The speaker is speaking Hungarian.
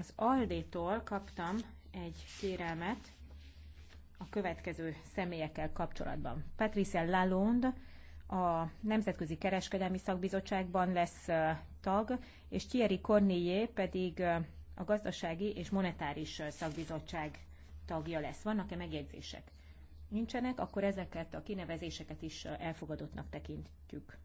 Az Aldétól kaptam egy kérelmet a következő személyekkel kapcsolatban. Patrice Lalonde a Nemzetközi Kereskedelmi Szakbizottságban lesz tag, és Thierry Cornillé pedig a Gazdasági és Monetáris Szakbizottság tagja lesz. Vannak-e megjegyzések? Nincsenek, akkor ezeket a kinevezéseket is elfogadottnak tekintjük.